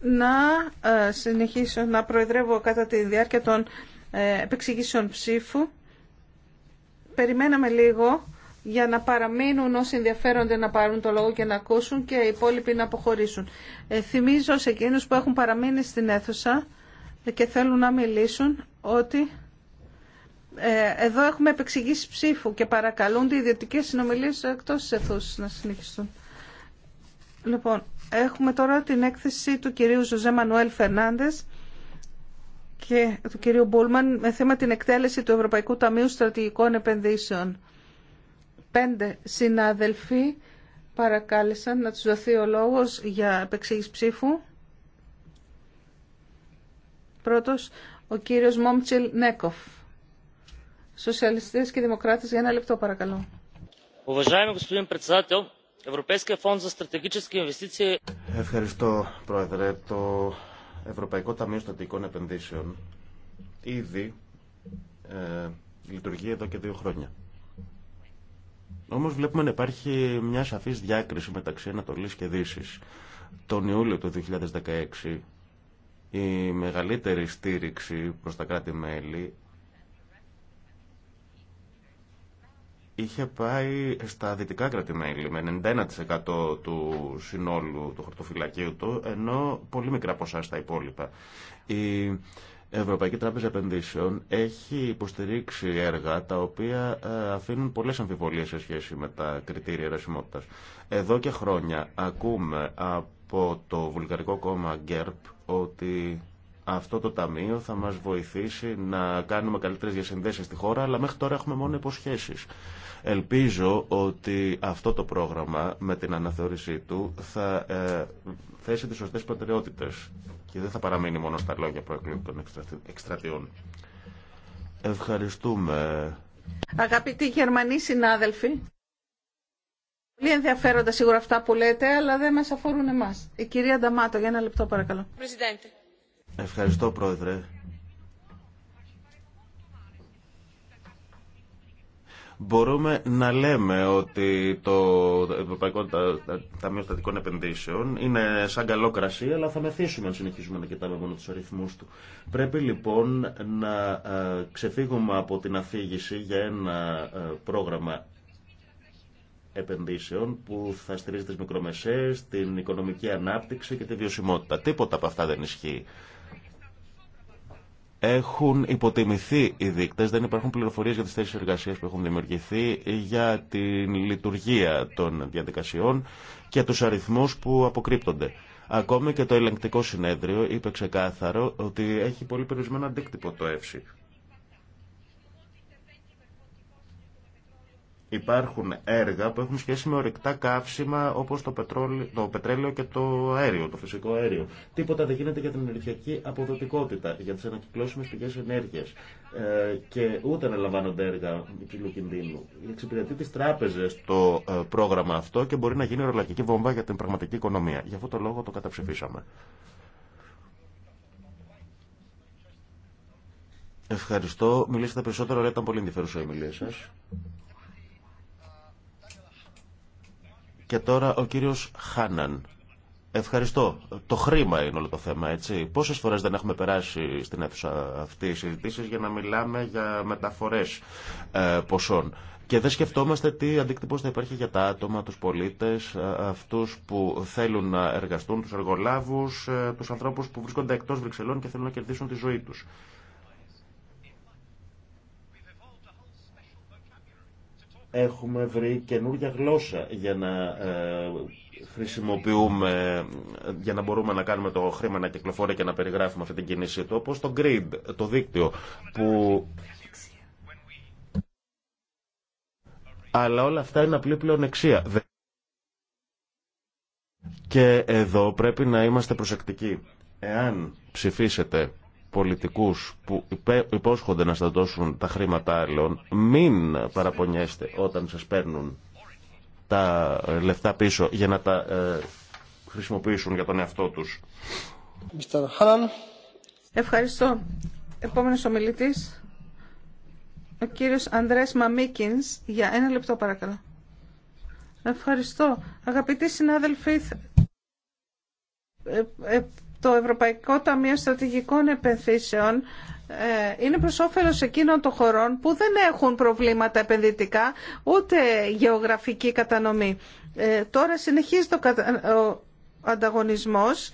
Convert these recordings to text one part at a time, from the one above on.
να ε, συνεχίσω να προεδρεύω κατά τη διάρκεια των ε, επεξηγήσεων ψήφου. Περιμέναμε λίγο για να παραμείνουν όσοι ενδιαφέρονται να πάρουν το λόγο και να ακούσουν και οι υπόλοιποι να αποχωρήσουν. Ε, θυμίζω σε εκείνους που έχουν παραμείνει στην αίθουσα και θέλουν να μιλήσουν ότι εδώ έχουμε επεξηγήσει ψήφου και παρακαλούνται οι ιδιωτικές συνομιλίες εκτός της αιθούσης να συνεχιστούν. Λοιπόν, Έχουμε τώρα την έκθεση του κυρίου Ζωζέ Μανουέλ Φερνάντε και του κυρίου Μπούλμαν με θέμα την εκτέλεση του Ευρωπαϊκού Ταμείου Στρατηγικών Επενδύσεων. Πέντε συνάδελφοι παρακάλεσαν να τους δοθεί ο λόγος για επεξήγηση ψήφου. Πρώτος, ο κύριος Μόμτσιλ Νέκοφ. Σοσιαλιστές και Δημοκράτες, για ένα λεπτό παρακαλώ. Ευχαριστώ, Πρόεδρε. Το Ευρωπαϊκό Ταμείο Στατικών Επενδύσεων ήδη ε, λειτουργεί εδώ και δύο χρόνια. Όμω βλέπουμε να υπάρχει μια σαφή διάκριση μεταξύ Ανατολή και Δύση. Τον Ιούλιο του 2016 η μεγαλύτερη στήριξη προς τα κράτη-μέλη είχε πάει στα δυτικά κρατημέλη με 91% του συνόλου του χαρτοφυλακίου του, ενώ πολύ μικρά ποσά στα υπόλοιπα. Η Ευρωπαϊκή Τράπεζα Επενδύσεων έχει υποστηρίξει έργα τα οποία ε, αφήνουν πολλές αμφιβολίες σε σχέση με τα κριτήρια ρεσιμότητας. Εδώ και χρόνια ακούμε από το βουλγαρικό κόμμα ΓΚΕΡΠ ότι αυτό το ταμείο θα μας βοηθήσει να κάνουμε καλύτερες διασυνδέσεις στη χώρα, αλλά μέχρι τώρα έχουμε μόνο υποσχέσεις. Ελπίζω ότι αυτό το πρόγραμμα με την αναθεώρησή του θα ε, θέσει τις σωστές προτεραιότητες και δεν θα παραμείνει μόνο στα λόγια των εκστρατιών. Ευχαριστούμε. Αγαπητοί Γερμανοί συνάδελφοι, πολύ ενδιαφέροντα σίγουρα αυτά που λέτε, αλλά δεν μας αφορούν εμάς. Η κυρία Νταμάτο, για ένα λεπτό παρακαλώ. Ευχαριστώ, Πρόεδρε. μπορούμε να λέμε ότι το Ευρωπαϊκό Ταμείο Στατικών Επενδύσεων είναι σαν καλό κρασί, αλλά θα μεθύσουμε αν συνεχίσουμε να κοιτάμε μόνο του αριθμού του. Πρέπει λοιπόν να ε, ξεφύγουμε από την αφήγηση για ένα ε, πρόγραμμα επενδύσεων που θα στηρίζει τις μικρομεσαίες, την οικονομική ανάπτυξη και τη βιωσιμότητα. Τίποτα από αυτά δεν ισχύει. Έχουν υποτιμηθεί οι δείκτε, δεν υπάρχουν πληροφορίε για τι θέσει εργασία που έχουν δημιουργηθεί, για τη λειτουργία των διαδικασιών και του αριθμού που αποκρύπτονται. Ακόμη και το ελεγκτικό συνέδριο είπε ξεκάθαρο ότι έχει πολύ περιορισμένο αντίκτυπο το ΕΦΣΥ. υπάρχουν έργα που έχουν σχέση με ορεικτά καύσιμα όπως το, το πετρέλαιο και το αέριο, το φυσικό αέριο. Τίποτα δεν γίνεται για την ενεργειακή αποδοτικότητα, για τις ανακυκλώσιμες πηγές ενέργειας ε, και ούτε αναλαμβάνονται έργα υψηλού κινδύνου. Εξυπηρετεί τις τράπεζες το ε, πρόγραμμα αυτό και μπορεί να γίνει ρολακική βόμβα για την πραγματική οικονομία. Γι' αυτό το λόγο το καταψηφίσαμε. Ευχαριστώ. Μιλήσατε περισσότερο, αλλά ήταν πολύ ενδιαφέρουσα η ομιλία σας. Και τώρα ο κύριος Χάναν. Ευχαριστώ. Το χρήμα είναι όλο το θέμα, έτσι. Πόσες φορές δεν έχουμε περάσει στην αίθουσα αυτή οι συζητήσεις για να μιλάμε για μεταφορέ ε, ποσών. Και δεν σκεφτόμαστε τι αντίκτυπο θα υπάρχει για τα άτομα, τους πολίτες, ε, αυτούς που θέλουν να εργαστούν, τους εργολάβους, ε, τους ανθρώπους που βρίσκονται εκτός Βρυξελών και θέλουν να κερδίσουν τη ζωή τους. Έχουμε βρει καινούργια γλώσσα για να ε, χρησιμοποιούμε για να μπορούμε να κάνουμε το χρήμα να κυκλοφορεί και να περιγράφουμε αυτή την κίνηση του, όπως το grid, το δίκτυο, που... Αλλά όλα αυτά είναι απλή πλεονεξία. Και εδώ πρέπει να είμαστε προσεκτικοί. Εάν ψηφίσετε πολιτικούς που υπόσχονται να σας τα χρήματα άλλων, μην παραπονιέστε όταν σας παίρνουν τα λεφτά πίσω για να τα ε, χρησιμοποιήσουν για τον εαυτό τους. Ευχαριστώ. Επόμενος ομιλητής, ο κύριος Ανδρέας Μαμίκινς, για ένα λεπτό παρακαλώ. Ευχαριστώ. Αγαπητοί συνάδελφοι, ε, ε, το Ευρωπαϊκό Ταμείο Στρατηγικών Επενθύσεων ε, είναι προς όφελος εκείνων των χωρών που δεν έχουν προβλήματα επενδυτικά ούτε γεωγραφική κατανομή. Ε, τώρα συνεχίζει ο ανταγωνισμός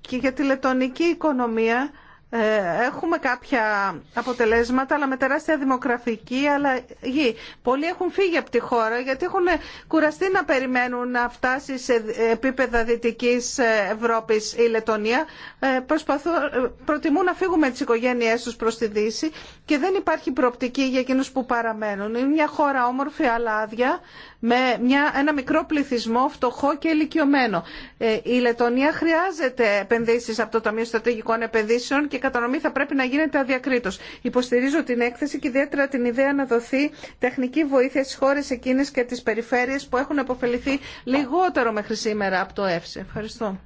και για τη λετωνική οικονομία ε, έχουμε κάποια αποτελέσματα, αλλά με τεράστια δημογραφική αλλαγή. Πολλοί έχουν φύγει από τη χώρα γιατί έχουν κουραστεί να περιμένουν να φτάσει σε επίπεδα Δυτικής Ευρώπης η Λετωνία. Ε, προσπαθούν, ε, προτιμούν να φύγουν με τις οικογένειές τους προς τη Δύση και δεν υπάρχει προοπτική για εκείνους που παραμένουν. Είναι μια χώρα όμορφη αλλά άδεια με μια, ένα μικρό πληθυσμό φτωχό και ηλικιωμένο. Ε, η Λετωνία χρειάζεται επενδύσει από το Ταμείο Στρατηγικών Επενδύσεων και η κατανομή θα πρέπει να γίνεται αδιακρίτω. Υποστηρίζω την έκθεση και ιδιαίτερα την ιδέα να δοθεί τεχνική βοήθεια στι χώρες εκείνες και τι περιφέρειες που έχουν αποφεληθεί λιγότερο μέχρι σήμερα από το ΕΦΣΕ. Ευχαριστώ.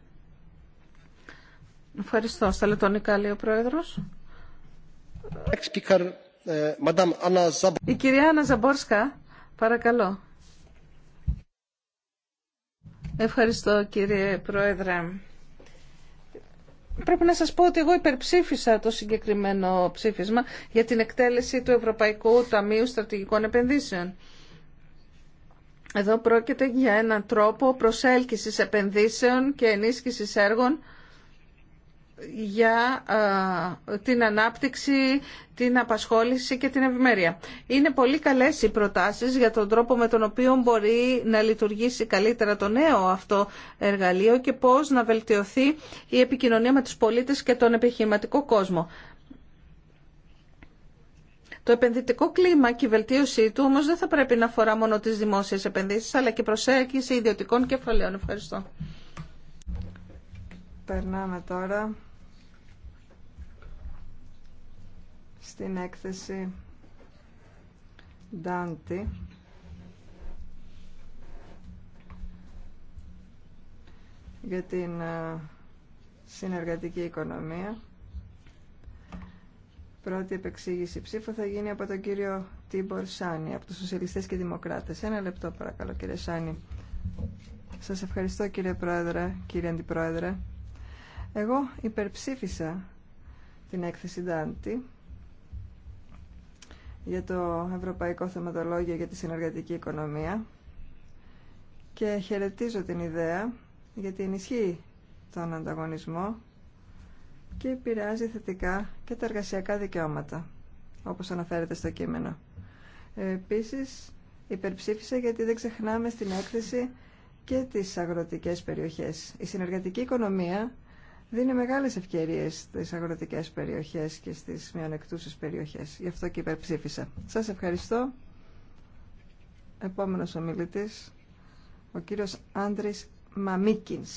Ευχαριστώ. Στα λετωνικά λέει ο Πρόεδρο. Ε, η κυρία Άννα παρακαλώ. Ευχαριστώ κύριε Πρόεδρε. Πρέπει να σας πω ότι εγώ υπερψήφισα το συγκεκριμένο ψήφισμα για την εκτέλεση του Ευρωπαϊκού Ταμείου Στρατηγικών Επενδύσεων. Εδώ πρόκειται για έναν τρόπο προσέλκυσης επενδύσεων και ενίσχυσης έργων για την ανάπτυξη, την απασχόληση και την ευημερία. Είναι πολύ καλές οι προτάσεις για τον τρόπο με τον οποίο μπορεί να λειτουργήσει καλύτερα το νέο αυτό εργαλείο και πώς να βελτιωθεί η επικοινωνία με τους πολίτες και τον επιχειρηματικό κόσμο. Το επενδυτικό κλίμα και η βελτίωσή του όμως δεν θα πρέπει να αφορά μόνο τις δημόσιες επενδύσεις αλλά και προσέγγιση ιδιωτικών κεφαλαίων. Ευχαριστώ. Περνάμε τώρα στην έκθεση Dante για την ε, συνεργατική οικονομία. Πρώτη επεξήγηση ψήφου θα γίνει από τον κύριο Τίμπορ Σάνι, από τους Σοσιαλιστές και Δημοκράτες. Ένα λεπτό παρακαλώ κύριε Σάνι. Σας ευχαριστώ κύριε Πρόεδρε, κύριε Αντιπρόεδρε. Εγώ υπερψήφισα την έκθεση Dante για το Ευρωπαϊκό Θεματολόγιο για τη Συνεργατική Οικονομία και χαιρετίζω την ιδέα γιατί ενισχύει τον ανταγωνισμό και επηρεάζει θετικά και τα εργασιακά δικαιώματα, όπως αναφέρεται στο κείμενο. Επίσης, υπερψήφισα γιατί δεν ξεχνάμε στην έκθεση και τις αγροτικές περιοχές. Η συνεργατική οικονομία δίνει μεγάλες ευκαιρίες στις αγροτικές περιοχές και στις μειονεκτούσες περιοχές. Γι' αυτό και υπερψήφισα. Σας ευχαριστώ. Επόμενος ομιλητής, ο κύριος Άντρης Μαμίκινς.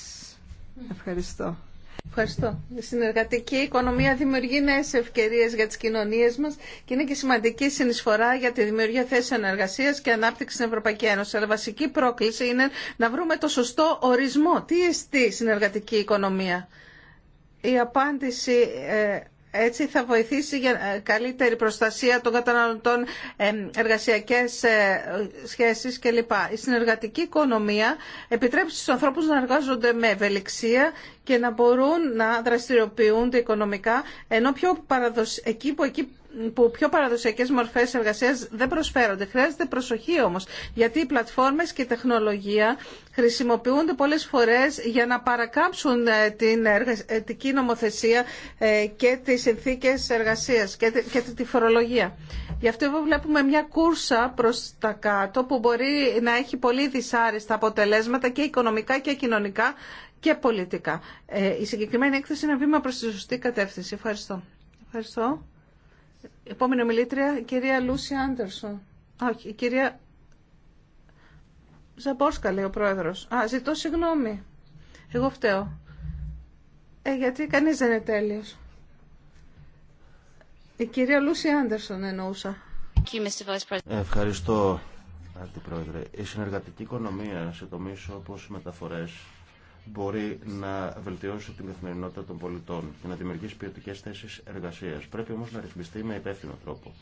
Ευχαριστώ. Ευχαριστώ. Η συνεργατική οικονομία δημιουργεί νέε ευκαιρίε για τι κοινωνίε μα και είναι και σημαντική συνεισφορά για τη δημιουργία θέσεων εργασία και ανάπτυξη στην Ευρωπαϊκή Ένωση. Αλλά βασική πρόκληση είναι να βρούμε το σωστό ορισμό. Τι εστί συνεργατική οικονομία η απάντηση ε, έτσι θα βοηθήσει για ε, καλύτερη προστασία των καταναλωτών, ε, εργασιακές σχέσεις κλπ. Η συνεργατική οικονομία επιτρέπει στους ανθρώπους να εργάζονται με ευελιξία και να μπορούν να δραστηριοποιούνται οικονομικά, ενώ πιο παραδοσιακή, εκεί που εκεί που πιο παραδοσιακέ μορφέ εργασία δεν προσφέρονται. Χρειάζεται προσοχή όμω, γιατί οι πλατφόρμες και η τεχνολογία χρησιμοποιούνται πολλέ φορέ για να παρακάμψουν ε, την εργατική νομοθεσία ε, και τι συνθήκε εργασία και τη φορολογία. Γι' αυτό βλέπουμε μια κούρσα προ τα κάτω που μπορεί να έχει πολύ δυσάρεστα αποτελέσματα και οικονομικά και κοινωνικά και πολιτικά. Ε, η συγκεκριμένη έκθεση είναι βήμα προς τη σωστή κατεύθυνση. Ευχαριστώ. Ευχαριστώ. Επόμενη μιλήτρια, η κυρία Λούση Άντερσον. Όχι, η κυρία Ζαμπόσκα λέει ο πρόεδρος. Α, ζητώ συγγνώμη. Εγώ φταίω. Ε, γιατί κανείς δεν είναι τέλειος. Η κυρία Λούση Άντερσον εννοούσα. Ευχαριστώ, πρόεδρε. Η συνεργατική οικονομία σε τομείς όπως οι μεταφορές μπορεί να βελτιώσει την καθημερινότητα των πολιτών και να δημιουργήσει ποιοτικέ θέσει εργασία. Πρέπει όμω να ρυθμιστεί με υπεύθυνο τρόπο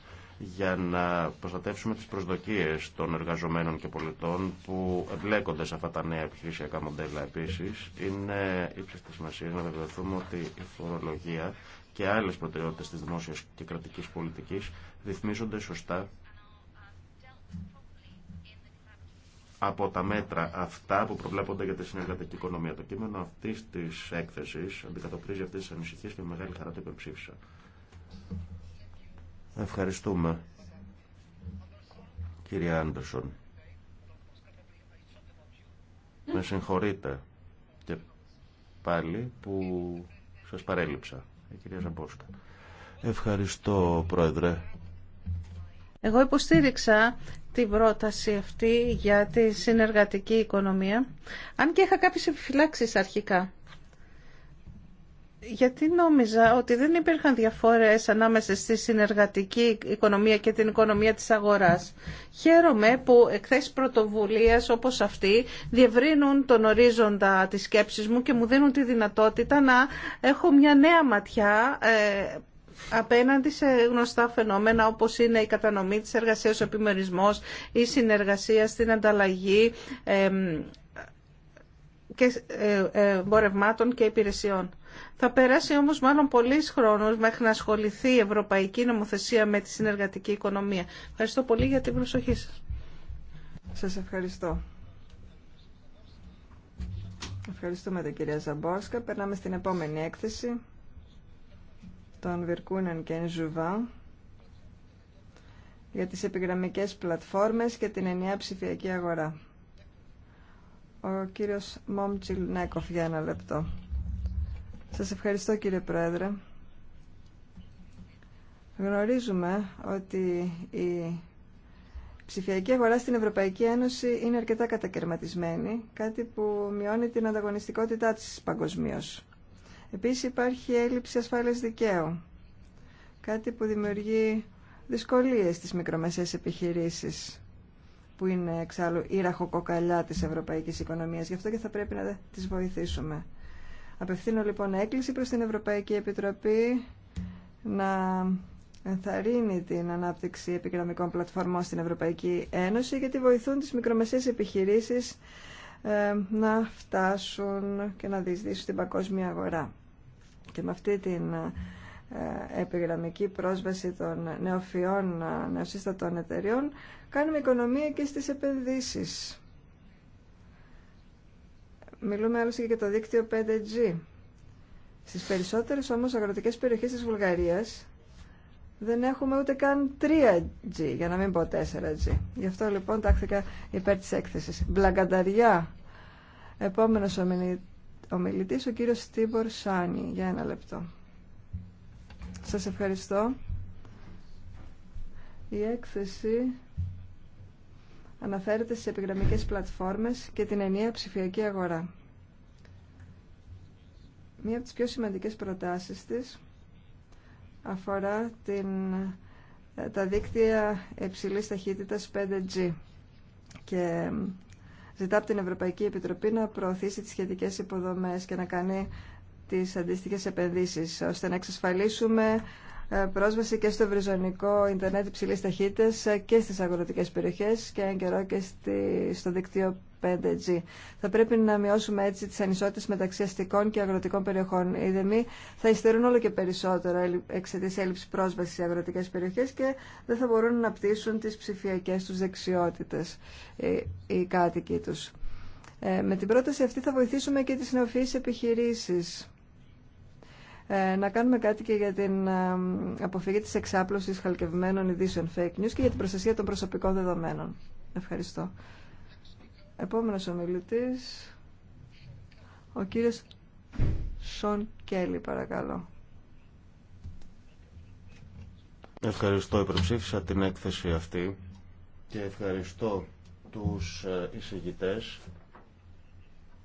για να προστατεύσουμε τι προσδοκίε των εργαζομένων και πολιτών που εμπλέκονται σε αυτά τα νέα επιχειρησιακά μοντέλα επίση. Είναι ύψιστη τη σημασία να βεβαιωθούμε ότι η φορολογία και άλλε προτεραιότητε τη δημόσια και κρατική πολιτική ρυθμίζονται σωστά από τα μέτρα αυτά που προβλέπονται για τη συνεργατική οικονομία. Το κείμενο αυτή τη έκθεση αντικατοπτρίζει αυτέ τι ανησυχίε και με μεγάλη χαρά το υπερψήφισα. Ευχαριστούμε. Κύριε Άντερσον, με συγχωρείτε και πάλι που σας παρέλειψα. Η κυρία Ζαμπόσκα. Ευχαριστώ, Πρόεδρε. Εγώ υποστήριξα την πρόταση αυτή για τη συνεργατική οικονομία, αν και είχα κάποιες επιφυλάξεις αρχικά. Γιατί νόμιζα ότι δεν υπήρχαν διαφορές ανάμεσα στη συνεργατική οικονομία και την οικονομία της αγοράς. Χαίρομαι που εκθέσεις πρωτοβουλίας όπως αυτή διευρύνουν τον ορίζοντα της σκέψης μου και μου δίνουν τη δυνατότητα να έχω μια νέα ματιά ε, απέναντι σε γνωστά φαινόμενα όπως είναι η κατανομή της εργασίας, ο επιμερισμός, η συνεργασία στην ανταλλαγή και ε, ε, εμπορευμάτων και υπηρεσιών. Θα περάσει όμως μάλλον πολλή χρόνος μέχρι να ασχοληθεί η Ευρωπαϊκή Νομοθεσία με τη συνεργατική οικονομία. Ευχαριστώ πολύ για την προσοχή σας. Σας ευχαριστώ. Ευχαριστούμε την κυρία Ζαμπόρσκα. Περνάμε στην επόμενη έκθεση των Βιρκούνεν και Ζουβά για τις επιγραμμικές πλατφόρμες και την ενιαία ψηφιακή αγορά. Ο κύριος Μόμτσιλ Νέκοφ για ένα λεπτό. Σας ευχαριστώ κύριε Πρόεδρε. Γνωρίζουμε ότι η ψηφιακή αγορά στην Ευρωπαϊκή Ένωση είναι αρκετά κατακαιρματισμένη, κάτι που μειώνει την ανταγωνιστικότητά της παγκοσμίω. Επίσης υπάρχει έλλειψη ασφάλειας δικαίου, κάτι που δημιουργεί δυσκολίες στις μικρομεσαίες επιχειρήσεις που είναι εξάλλου η ραχοκοκαλιά της ευρωπαϊκής οικονομίας. Γι' αυτό και θα πρέπει να τις βοηθήσουμε. Απευθύνω λοιπόν έκκληση προς την Ευρωπαϊκή Επιτροπή να ενθαρρύνει την ανάπτυξη επικοινωνικών πλατφορμών στην Ευρωπαϊκή Ένωση γιατί βοηθούν τις μικρομεσαίες επιχειρήσεις ε, να φτάσουν και να διεισδύσουν στην παγκόσμια αγορά. Και με αυτή την ε, επιγραμμική πρόσβαση των νεοφυών ε, νεοσύστατων εταιριών κάνουμε οικονομία και στις επενδύσεις. Μιλούμε άλλωστε και για το δίκτυο 5G. Στις περισσότερες όμως αγροτικές περιοχές της Βουλγαρίας δεν έχουμε ούτε καν 3G, για να μην πω 4G. Γι' αυτό λοιπόν τάχθηκα υπέρ της έκθεσης. Μπλαγκανταριά. Επόμενος ομιλητής ο κύριος Στίβορ Σάνι για ένα λεπτό. Σας ευχαριστώ. Η έκθεση αναφέρεται στις επιγραμμικές πλατφόρμες και την ενιαία ψηφιακή αγορά. Μία από τις πιο σημαντικές προτάσεις της αφορά την, τα δίκτυα υψηλής ταχύτητας 5G και ζητά από την Ευρωπαϊκή Επιτροπή να προωθήσει τις σχετικές υποδομές και να κάνει τις αντίστοιχες επενδύσεις, ώστε να εξασφαλίσουμε ε, πρόσβαση και στο βριζονικό ίντερνετ υψηλή ταχύτητα ε, και στι αγροτικέ περιοχέ, και εν καιρό και στο δίκτυο 5G. Θα πρέπει να μειώσουμε έτσι τι ανισότητε μεταξύ αστικών και αγροτικών περιοχών. Οι δεμοί θα υστερούν όλο και περισσότερο εξαιτία έλλειψη πρόσβαση σε αγροτικέ περιοχέ και δεν θα μπορούν να πτήσουν τι ψηφιακέ του δεξιότητε, ε, οι κάτοικοι τους. με την πρόταση αυτή θα βοηθήσουμε και τις νεοφυείς επιχειρήσεις ε, να κάνουμε κάτι και για την ε, αποφυγή της εξάπλωσης χαλκευμένων ειδήσεων fake news και για την προστασία των προσωπικών δεδομένων. Ευχαριστώ. Επόμενος ομιλητής, ο κύριος Σον Κέλλη, παρακαλώ. Ευχαριστώ. Υπερψήφισα την έκθεση αυτή και ευχαριστώ τους ε, εισηγητές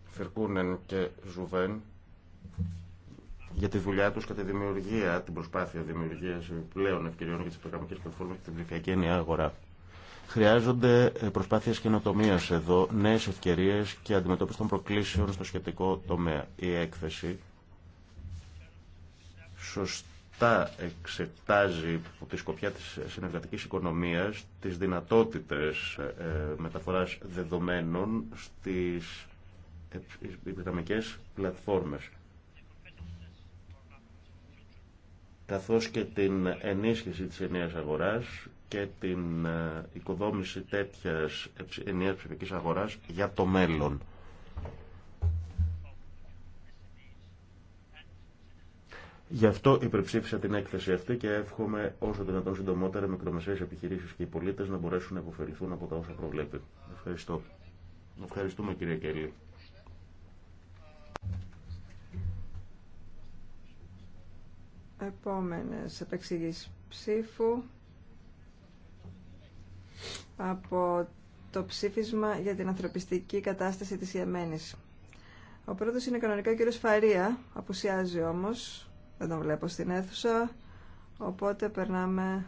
Φερκούνεν και Ζουβέν για τη δουλειά του και τη δημιουργία, την προσπάθεια δημιουργία πλέον ευκαιριών για τι προγραμματικέ πλατφόρμες και την ψηφιακή ενιαία αγορά. Χρειάζονται ε, προσπάθειε καινοτομία εδώ, νέες ευκαιρίε και αντιμετώπιση των προκλήσεων στο σχετικό τομέα. Η έκθεση σωστά εξετάζει από τη σκοπιά της συνεργατικής οικονομίας τις δυνατότητες ε, μεταφοράς δεδομένων στις επιγραμμικές πλατφόρμες καθώς και την ενίσχυση της ενιαίας αγοράς και την ε, οικοδόμηση τέτοιας ενιαίας ψηφικής αγοράς για το μέλλον. Γι' αυτό υπερψήφισα την έκθεση αυτή και εύχομαι όσο δυνατόν συντομότερα μικρομεσαίε επιχειρήσει και οι πολίτε να μπορέσουν να υποφεληθούν από τα όσα προβλέπει. Ευχαριστώ. Ευχαριστούμε κύριε Κέλλη. επόμενες επεξηγήσεις ψήφου από το ψήφισμα για την ανθρωπιστική κατάσταση της Ιεμένης. Ο πρώτος είναι κανονικά ο κύριος Φαρία, απουσιάζει όμως, δεν τον βλέπω στην αίθουσα, οπότε περνάμε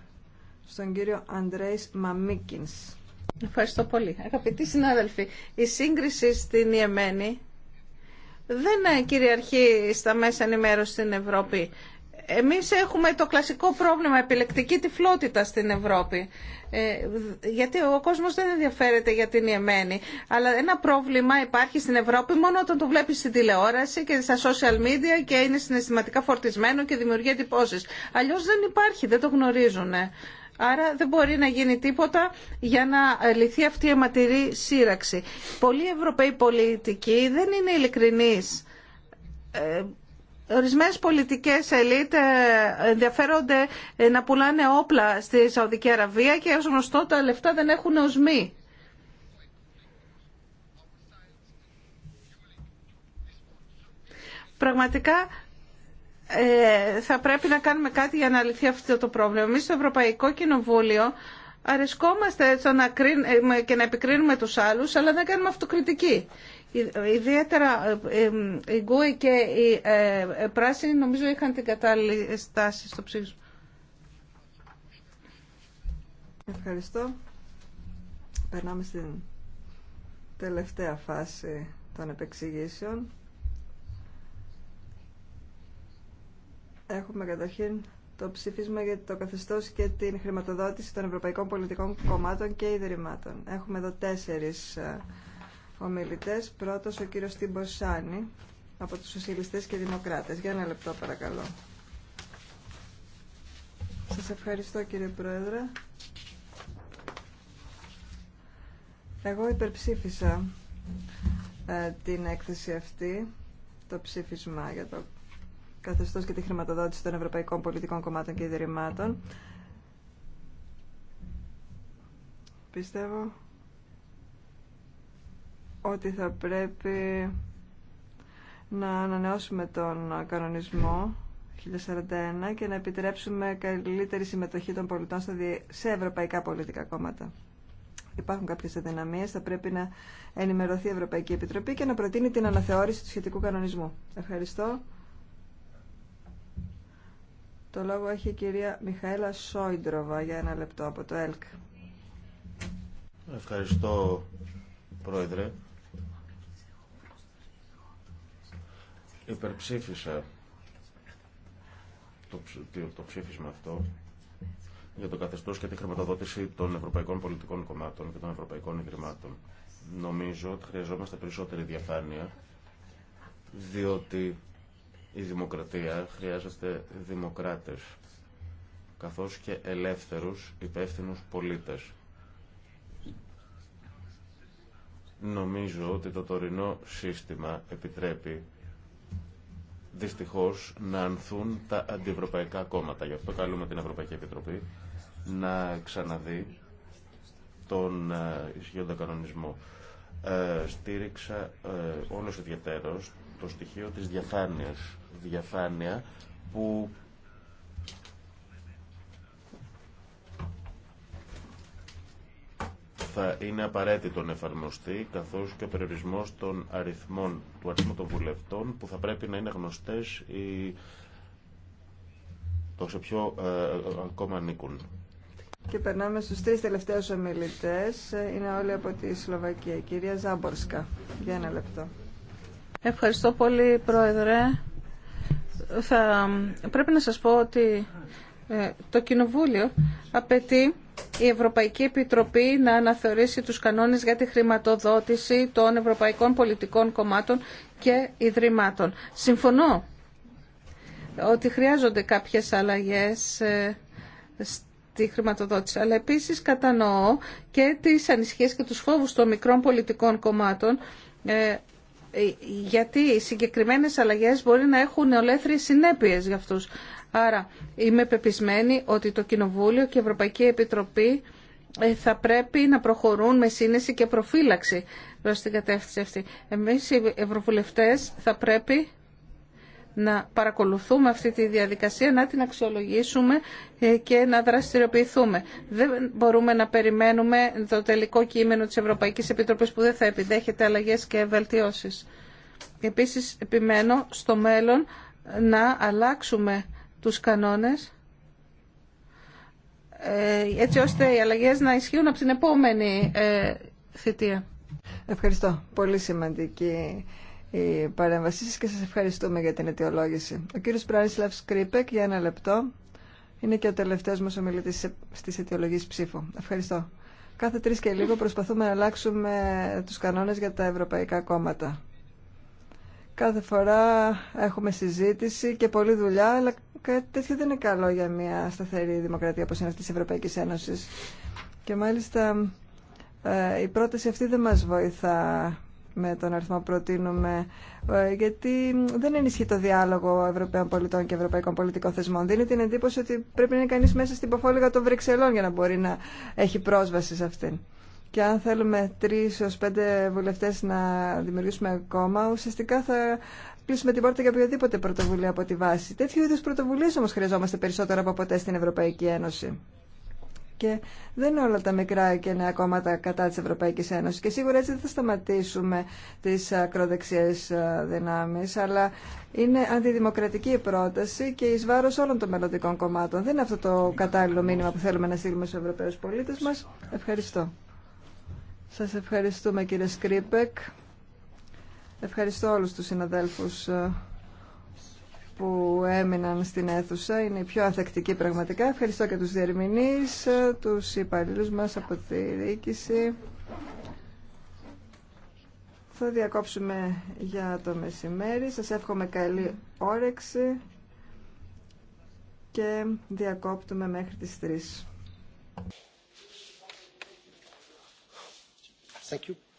στον κύριο Αντρέης Μαμίκινς. Ευχαριστώ πολύ. Αγαπητοί συνάδελφοι, η σύγκριση στην Ιεμένη δεν κυριαρχεί στα μέσα ενημέρωση στην Ευρώπη. Εμείς έχουμε το κλασικό πρόβλημα επιλεκτική τυφλότητα στην Ευρώπη. Ε, γιατί ο κόσμος δεν ενδιαφέρεται για την Ιεμένη. Αλλά ένα πρόβλημα υπάρχει στην Ευρώπη μόνο όταν το βλέπεις στην τηλεόραση και στα social media και είναι συναισθηματικά φορτισμένο και δημιουργεί εντυπώσεις. Αλλιώς δεν υπάρχει, δεν το γνωρίζουν. Άρα δεν μπορεί να γίνει τίποτα για να λυθεί αυτή η αιματηρή σύραξη. Πολλοί Ευρωπαίοι πολιτικοί δεν είναι ειλικρινείς ε, Ορισμένες πολιτικές ελίτ ε, ενδιαφέρονται ε, να πουλάνε όπλα στη Σαουδική Αραβία και ως γνωστό τα λεφτά δεν έχουν οσμή. Πραγματικά ε, θα πρέπει να κάνουμε κάτι για να λυθεί αυτό το πρόβλημα. Εμείς στο Ευρωπαϊκό Κοινοβούλιο αρεσκόμαστε έτσι να κρίνουμε και να επικρίνουμε τους άλλους, αλλά δεν κάνουμε αυτοκριτική. Ιδιαίτερα ε, ε, η Γκούι και οι ε, Πράσινοι νομίζω είχαν την κατάλληλη στάση στο ψήφισμα. Ευχαριστώ. Περνάμε στην τελευταία φάση των επεξηγήσεων. Έχουμε καταρχήν το ψήφισμα για το καθεστώς και την χρηματοδότηση των Ευρωπαϊκών Πολιτικών Κομμάτων και Ιδρυμάτων. Έχουμε εδώ τέσσερις ομιλητές. Πρώτος ο κύριος Τιμποσάνη από τους Σοσιαλιστές και Δημοκράτες. Για ένα λεπτό παρακαλώ. Σας ευχαριστώ κύριε Πρόεδρε. Εγώ υπερψήφισα ε, την έκθεση αυτή, το ψήφισμα για το καθεστώς και τη χρηματοδότηση των Ευρωπαϊκών Πολιτικών Κομμάτων και Ιδρυμάτων. Πιστεύω ότι θα πρέπει να ανανεώσουμε τον κανονισμό 1041 και να επιτρέψουμε καλύτερη συμμετοχή των πολιτών σε ευρωπαϊκά πολιτικά κόμματα. Υπάρχουν κάποιε αδυναμίε. Θα πρέπει να ενημερωθεί η Ευρωπαϊκή Επιτροπή και να προτείνει την αναθεώρηση του σχετικού κανονισμού. Ευχαριστώ. Το λόγο έχει η κυρία Μιχαέλα Σόιντροβα για ένα λεπτό από το ΕΛΚ. Ευχαριστώ, Πρόεδρε. υπερψήφισα το, το ψήφισμα αυτό για το καθεστώς και τη χρηματοδότηση των ευρωπαϊκών πολιτικών κομμάτων και των ευρωπαϊκών ιδρυμάτων. Νομίζω ότι χρειαζόμαστε περισσότερη διαφάνεια, διότι η δημοκρατία χρειάζεται δημοκράτες, καθώς και ελεύθερους υπεύθυνους πολίτες. Νομίζω ότι το τωρινό σύστημα επιτρέπει Δυστυχώ να ανθούν τα αντιευρωπαϊκά κόμματα. Γι' αυτό καλούμε την Ευρωπαϊκή Επιτροπή να ξαναδεί τον ε, ισχύοντα κανονισμό. Ε, στήριξα ε, όλος ιδιαίτερος το στοιχείο της διαφάνειας. Διαφάνεια που θα είναι απαραίτητο να εφαρμοστεί, καθώς και ο περιορισμός των αριθμών, του αριθμού των βουλευτών, που θα πρέπει να είναι γνωστές οι, το πιο ποιο ακόμα ε, ανήκουν. Και περνάμε στους τρεις τελευταίους ομιλητές. Είναι όλοι από τη Σλοβακία. Κυρία Ζάμπορσκα, για ένα λεπτό. Ευχαριστώ πολύ, Πρόεδρε. Θα, πρέπει να σας πω ότι ε, το Κοινοβούλιο απαιτεί η Ευρωπαϊκή Επιτροπή να αναθεωρήσει τους κανόνες για τη χρηματοδότηση των ευρωπαϊκών πολιτικών κομμάτων και ιδρυμάτων. Συμφωνώ ότι χρειάζονται κάποιες αλλαγές ε, στη χρηματοδότηση, αλλά επίσης κατανοώ και τις ανησυχίες και τους φόβους των μικρών πολιτικών κομμάτων ε, ε, γιατί οι συγκεκριμένες αλλαγές μπορεί να έχουν ολέθριες συνέπειες για αυτούς. Άρα είμαι πεπισμένη ότι το Κοινοβούλιο και η Ευρωπαϊκή Επιτροπή ε, θα πρέπει να προχωρούν με σύνεση και προφύλαξη προς την κατεύθυνση αυτή. Εμείς οι ευρωβουλευτές θα πρέπει να παρακολουθούμε αυτή τη διαδικασία, να την αξιολογήσουμε ε, και να δραστηριοποιηθούμε. Δεν μπορούμε να περιμένουμε το τελικό κείμενο της Ευρωπαϊκής Επιτροπής που δεν θα επιδέχεται αλλαγές και βελτιώσεις. Επίσης επιμένω στο μέλλον να αλλάξουμε τους κανόνες ε, έτσι ώστε οι αλλαγές να ισχύουν από την επόμενη ε, θητεία. Ευχαριστώ. Πολύ σημαντική η παρέμβασή σας και σας ευχαριστούμε για την αιτιολόγηση. Ο κύριος Μπράνισλαβ Σκρίπεκ για ένα λεπτό είναι και ο τελευταίος μας ομιλητής στις αιτιολογίες ψήφου. Ευχαριστώ. Κάθε τρεις και λίγο προσπαθούμε να αλλάξουμε τους κανόνες για τα ευρωπαϊκά κόμματα. Κάθε φορά έχουμε συζήτηση και πολλή δουλειά, αλλά κάτι τέτοιο δεν είναι καλό για μια σταθερή δημοκρατία όπως είναι αυτή της Ευρωπαϊκής Ένωσης. Και μάλιστα ε, η πρόταση αυτή δεν μας βοηθά με τον αριθμό που προτείνουμε, ε, γιατί δεν ενισχύει το διάλογο Ευρωπαίων πολιτών και Ευρωπαϊκών πολιτικών θεσμών. Δίνει την εντύπωση ότι πρέπει να είναι κανεί μέσα στην υποφόλυγα των Βρυξελών για να μπορεί να έχει πρόσβαση σε αυτήν. Και αν θέλουμε τρει ως πέντε βουλευτές να δημιουργήσουμε ακόμα, ουσιαστικά θα κλείσουμε την πόρτα για οποιαδήποτε πρωτοβουλία από τη βάση. Τέτοιου είδου πρωτοβουλίε όμω χρειαζόμαστε περισσότερο από ποτέ στην Ευρωπαϊκή Ένωση. Και δεν είναι όλα τα μικρά και νέα κόμματα κατά τη Ευρωπαϊκή Ένωση. Και σίγουρα έτσι δεν θα σταματήσουμε τι ακροδεξιέ ε, δυνάμει, αλλά είναι αντιδημοκρατική η πρόταση και ει βάρο όλων των μελλοντικών κομμάτων. Δεν είναι αυτό το κατάλληλο μήνυμα που θέλουμε να στείλουμε στου Ευρωπαίου πολίτε μα. Ευχαριστώ. Σας ευχαριστούμε κύριε Σκρίπεκ. Ευχαριστώ όλους τους συναδέλφους ε, που έμειναν στην αίθουσα. Είναι οι πιο αθεκτική πραγματικά. Ευχαριστώ και τους διερμηνείς, ε, τους υπαλλήλους μας από τη διοίκηση. Θα διακόψουμε για το μεσημέρι. Σας εύχομαι καλή όρεξη και διακόπτουμε μέχρι τις 3.